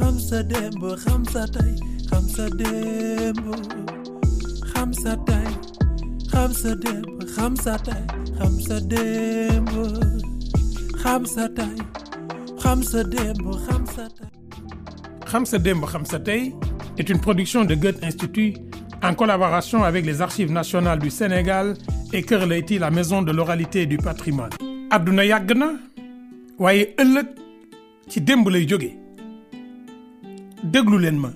xam sa démb xam sa tey xam sa tey xam production de Goethe Institut en collaboration avec les Archives nationales du Sénégal et Kër Leyti la maison de l'oralité et du patrimoine. àdduna yàgg na waaye ëllëg ci démb lay jóge déglu leen ma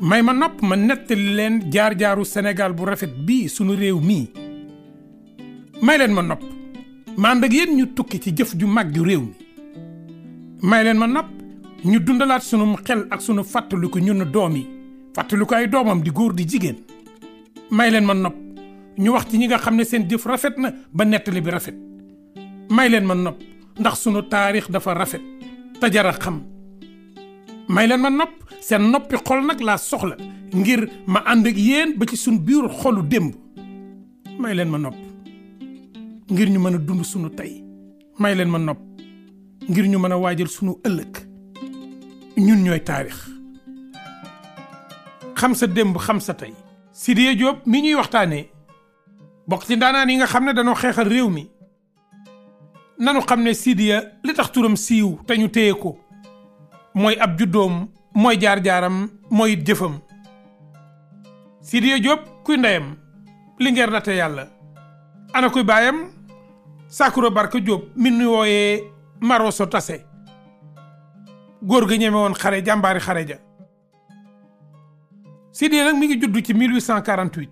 may ma nopp ma nettali leen jaar-jaaru Sénégal bu rafet bii sunu réew mii may leen ma nopp ma ànd ak ñu tukki ci jëf ju mag ju réew mi may leen ma nopp ñu dundalaat sunu xel ak sunu fàttaliku ñun doom yi fàttaliku ay doomam di góor di jigéen may leen ma nopp ñu wax ci ñi nga xam ne seen jëf rafet na ba nettali bi rafet may leen ma nopp ndax sunu taarix dafa rafet te jar a xam may leen ma nopp seen noppi xol nag laa soxla ngir ma ànd ak yéen ba ci suñ biir xolu démb may leen ma nopp ngir ñu mën a dund sunu tey may leen ma nopp ngir ñu mën a waajal sunu ëllëg ñun ñooy taarix xam sa démb xam sa tey Sidiye Diop mi ñuy waxtaanee bokk ci ndaanaan yi nga xam ne dañoo xeexal réew mi nanu xam ne Sidiya li tax turam siiw te ñu téye ko mooy ab juddoom mooy jaar-jaaram mooy it jëfam Sidiya Diop kuy ndeyam Linguère na te yàlla ana kuy baayam Sakura Barka Diop mi nu wooyee Maroso Tase góor gi ñeme woon xare jàmbaari xare ja Sidiya nag mi ngi juddu ci 1848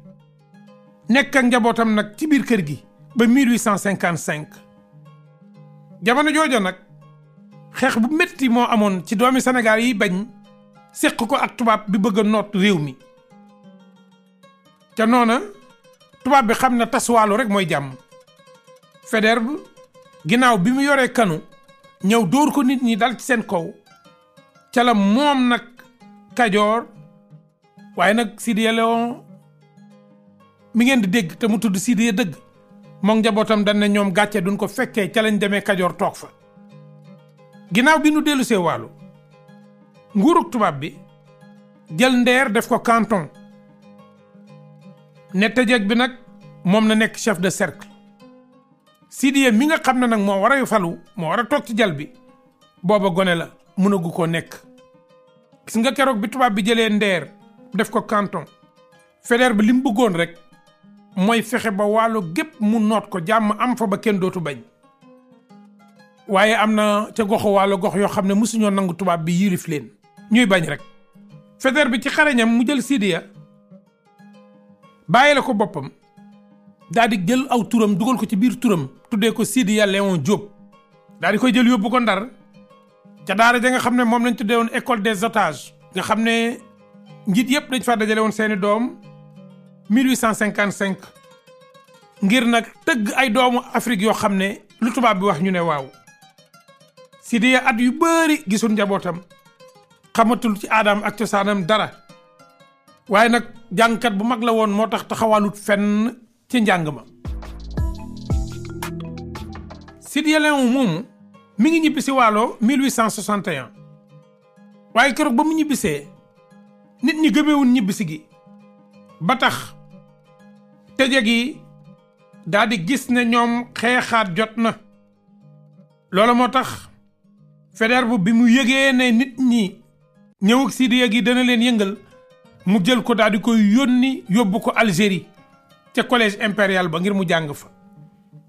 nekk njabootam nag ci biir kër gi ba 1855 jamono jooja nag. xeex bu métti moo amoon ci doomi Sénégal yi bañ séq ko ak tubaab bi bëgg a noot réew mi ca noona tubaab bi xam ne taswaalu rek mooy jàmm feder Faidherbe ginnaaw bi mu yoree kanu ñëw dóor ko nit ñi dal ci seen kaw ca la moom nag Kajoor waaye nag Sidiya Léon mi ngeen di dégg te mu tudd Sidiya dëgg moom njabootam dañ ne ñoom gàcce duñ ko fekkee ca lañ demee Kajoor toog fa ginnaaw bi nu dellusee waalo nguurug tubaab bi jël ndeer def ko canton jeg bi nag moom na nekk chef de cercle Sidiye mi nga xam ne nag moo war a falu moo war a toog ci jal bi booba gone la mënagu ko nekk gis nga keroog bi tubaab bi jëlee ndeer def ko canton fédère bi li mu bëggoon rek mooy fexe ba waalo gépp mu noot ko jàmm am fa ba kenn dootu bañ waaye am na ca goxu wàllu gox yoo xam ne mosuñoo nangu tubaab bi yilif leen ñuy bañ rek Faidherbe bi ci xareñam mu jël Sidiya bàyyi la ko boppam daal di jël aw turam dugal ko ci biir turam tuddee ko Sidiya Léon Diop daal di koy jël yóbbu ko ndar ca daara ja nga xam ne moom lañ tuddee woon école des otages nga xam ne njiit yëpp dañ fa dajale woon seeni doom 1855 ngir nag tëgg ay doomu Afrique yoo xam ne lu tubaab bi wax ñu ne waaw Sidiya at yu bari gisul njabootam xamatul ci aadaam ak cosaanam dara waaye nag jàngkat bu mag la woon moo tax taxawalut fenn ci njàng ma. Sidiya Léon moomu mi ngi ñibbi si Waalo 1861 waaye keroog ba mu ñibbisee nit ñi gëmewul ñibbisi gi ba tax tëje gi daldi gis ne ñoom xeexaat jot na loolu moo tax. Faidherbe bi mu yëgee ne nit ñi ñëw ak Sidiya dana leen yëngal mu jël ko daal di koy yónni yóbbu ko Algérie ca collège impérial ba ngir mu jàng fa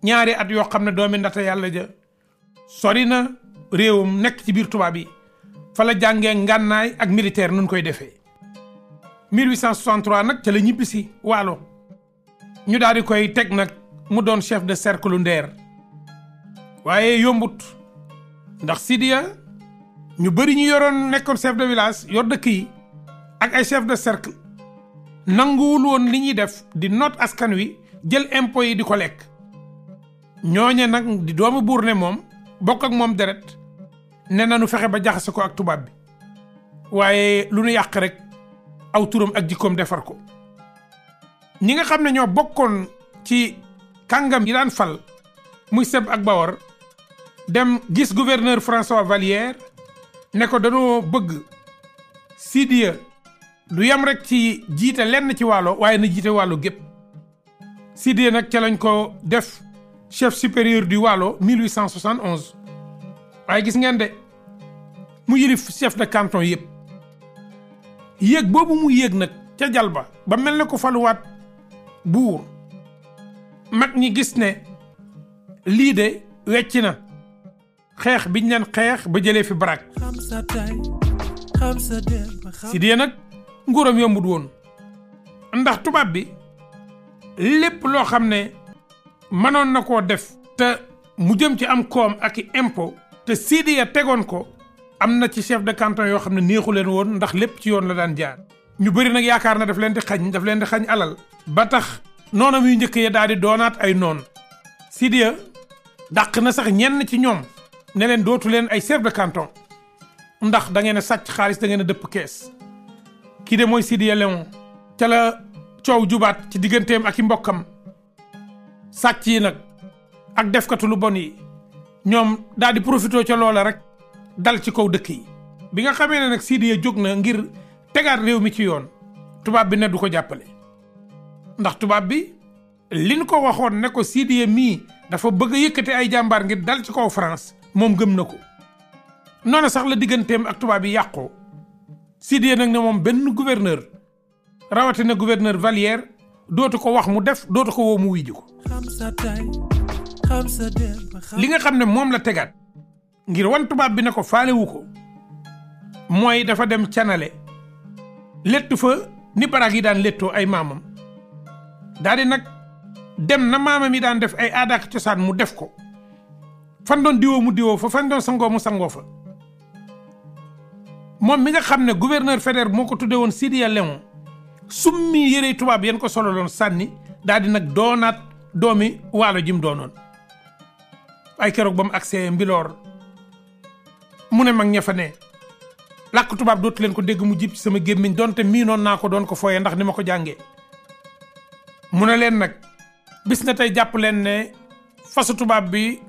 ñaari at yoo xam ne doomi ndata yàlla ja sori na réewam nekk ci biir tubaab yi fala jàngee ngànnaay ak militaire nun koy defee 1863 nag ca la ñibbisi waalo ñu daal di koy teg nag mu doon chef de cercle ndeer waaye yombut ndax Sidiya ñu bëri ñu yoroon nekkoon chef de village yor dëkk yi ak ay chef de cercle nanguwul woon li ñuy def di noot askan wi jël impôts yi di ko lekk ñooñe nag di doomu buur ne moom bokk ak moom deret ne na nu fexe ba jaxase ko ak tubaab bi waaye lu nu yàq rek aw turam ak jikkoom defar ko ñi nga xam ne ñoo bokkoon ci kàngam yi daan fal muy seb ak bawar dem gis gouverneur François Vallière ne ko danoo bëgg Sidiya du yam rek ci jiite lenn ci wàllo waaye na jiite wàllo gépp Sidiya nag ca lañ ko def chef supérieur di wàllo 1871 waaye gis ngeen de mu yilif chef de canton yëpp yéeg boobu mu yéeg nag ca jalba ba mel ne ko faluwaat buur mag ñi gis ne lii de wecc na xeex biñ leen xeex ba jëlee fi barak si dee nag nguuram yombut woon ndax tubaab bi lépp loo xam ne mënoon na koo def te mu jëm ci am koom ak i impôt te Sidiya tegoon ko am na ci chef de canton yoo xam ne neexu leen woon ndax lépp ci yoon la daan jaar ñu bëri nag yaakaar na daf leen di xañ daf leen di xañ alal ba tax noonam yu njëkk ya daal di doonaat ay noon Sidiya dàq na sax ñenn ci ñoom neleen leen dootu leen ay chef de canton ndax da ngeen a sàcc xaalis da ngeen a dëpp kees kii de mooy Sidiya Léon ca la coow jubaat ci digganteem ak i mbokkam sàcc yi nag ak defkatu lu bon yi ñoom daal di profité ca loola rek dal ci kaw dëkk yi. bi nga xamee ne nag Sidiya jóg na ngir tegaat réew mi ci yoon tubaab bi ne du ko jàppale ndax tubaab bi li ñu ko waxoon ne ko Sidiya mii dafa bëgg a yëkkati ay jàmbaar ngir dal ci kaw France. moom gëm na ko noonu sax la digganteem ak tubaab yi yàqoo Sidiye nag ne moom benn gouverneur rawatina gouverneur Valière dootu ko wax mu def dootu ko woo mu wiji ko li nga xam ne moom la tegaat ngir wan tubaab bi ne ko faalewu ko mooy dafa dem canale lettu fa ni baraag yi daan lettoo ay maamam daal di nag dem na maamam yi daan def ay aadaak cosaan mu def ko fan doon diwoo mu diwoo fa fan doon sangoo mu sangoo fa moom mi nga xam ne gouverneur Faidherbe moo ko tuddee woon Sidiya Léon summi yërey tubaab yéen ko sololoon sànni daal di nag doonaat doomi waalo jim doonoon ay keroog ba mu agsee Mbilor mu ne mag ña fa ne làkk tubaab dootu leen ko dégg mu jib sama gémmiñ donte miinoon naa ko doon ko fooye ndax ni ma ko jànge mu ne leen nag bis na tey jàpp leen ne fasu tubaab bi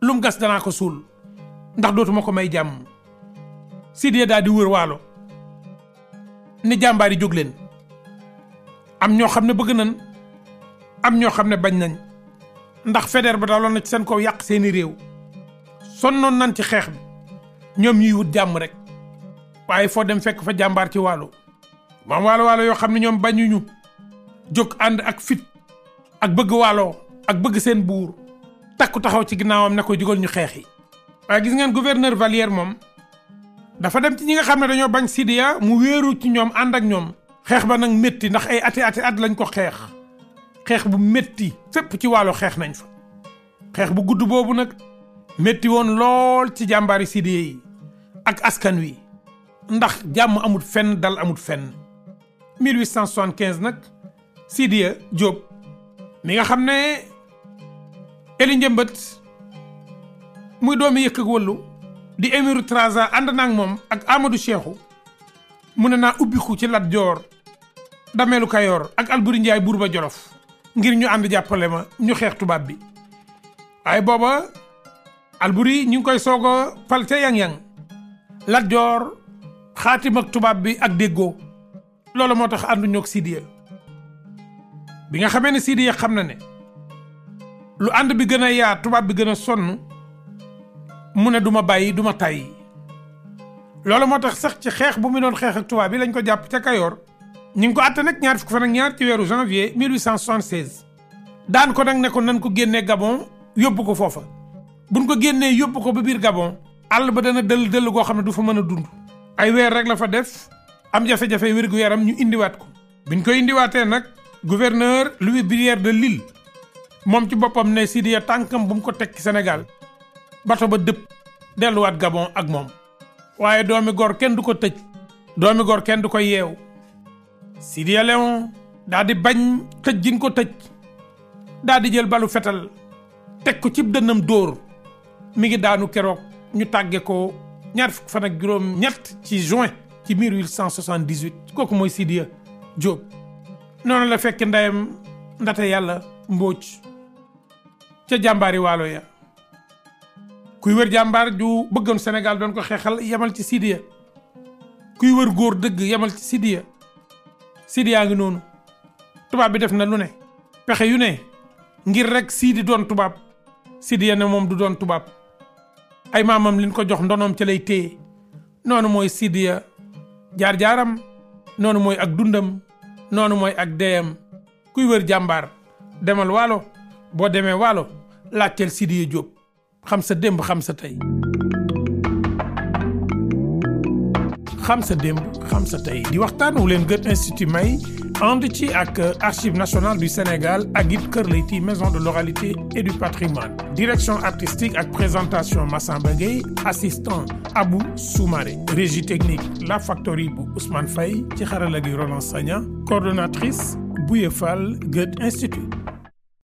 lum gas danaa ko suul ndax dootuma ko may jàmm Sidiya daal di wër waalo ni jàmbaar yi jóg leen am ñoo xam ne bëgg nañ am ñoo xam ne bañ nañ ndax feder ba daloon na ci seen kaw yàq seeni réew noon nan ci xeex bi ñoom ñuy wut jàmm rek waaye foo dem fekk fa jàmbaar ci waalo moom waalo waalo yoo xam ne ñoom bañuñu jóg ànd ak fit ak bëgg waalo ak bëgg seen buur takku taxaw ci ginnaawam ne ko jugal ñu xeex yi waaye gis ngeen gouverneur Valière moom dafa dem ci ñi nga xam ne dañoo bañ Sidiya mu wéeru ci ñoom ànd ak ñoom xeex ba nag métti ndax ay ati ati at lañ ko xeex xeex bu métti fépp ci waalo xeex nañ fa xeex bu gudd boobu nag métti woon lool ci jàmbaari Sidiya yi ak askan wi ndax jàmm amut fenn dal amut fenn 1875 nag Sidiya Diop mi nga xam ne eli njëmbat muy doomi yëkk ak di émiru Trasa ànd ak moom ak amadu Cheikhou mu ne naa ubbiku ci Lat Joor dameelu Kayoor ak Alburi Njaay burba ba Jolof ngir ñu ànd jàppale ma ñu xeex tubaab bi waaye booba Alburi ñu ngi koy soog a pal ca yang-yang Lat Joor xaatim tubaab bi ak déggoo loolu moo tax ànduñu ak Sidiya bi nga xamee ne Sidiya xam na ne lu ànd bi gën a yaa tubaab bi gën a sonn mu ne duma ma bàyyi du ma tàyyi loolu moo tax sax ci xeex bu mu doon xeex ak tubaab bi lañ ko jàpp ca Kayoor. ñu ko àtte nag ñaar fukki fan ak ñaar ci weeru janvier 1876 daan ko nag ne ko nan ko génnee Gabon yóbbu ko foofa buñ ko génnee yóbbu ko ba biir Gabon. àll ba dana dëll dëll goo xam ne du fa mën a dund. ay weer rek la fa def am jafe-jafe wér gu yaram ñu indiwaat ko. biñ koy indiwaatee nag gouverneur Louis Brière de Lille. moom ci boppam ne Sidiya tànkam bu mu ko tekki Sénégal bato ba dëpp delluwaat Gabon ak moom waaye doomi gor kenn du ko tëj doomi gor kenn du ko yeew Sidiya Léon daa di bañ tëj gin ko tëj daa di jël balu fetal teg ko cib dënnam dóor mi ngi daanu keroog ñu tàgge ko ñaar fukk fan ak juróom ñett ci juin ci 1878 kooku mooy Sidiya Diop noonu la fekk ndeyam ndate yàlla mbóoj ca jàmbaari waalo ya kuy wër jàmbaar ju bëggoon Sénégal doon ko xeexal yemal ci Sidiya kuy wër góor dëgg yemal ci Sidiya Sidiya ngi noonu tubaab bi def na lu ne pexe yu ne ngir rekk Sidi doon tubaab Sidiya ne moom du doon tubaab ay maamam liñ ko jox ndonoom ca lay téye noonu mooy Sidiya jaar-jaaram noonu mooy ak dundam noonu mooy ak deyam kuy wër jàmbaar demal waalo boo demee waalo la Sidiye Diop xam sa démb xam sa tey xam sa sa tey di waxtaan wu leen Goethe Institut may ànd ci ak Archives nationales du Sénégal ak it Kër Leyti maison de l'oralité et du patrimoine direction artistique ak présentation massan Gueye assistant Abou Soumaré régie technique La Factory bu Ousmane Faye ci xarala gi Roland Sagna coordonnatrice Bouye Institut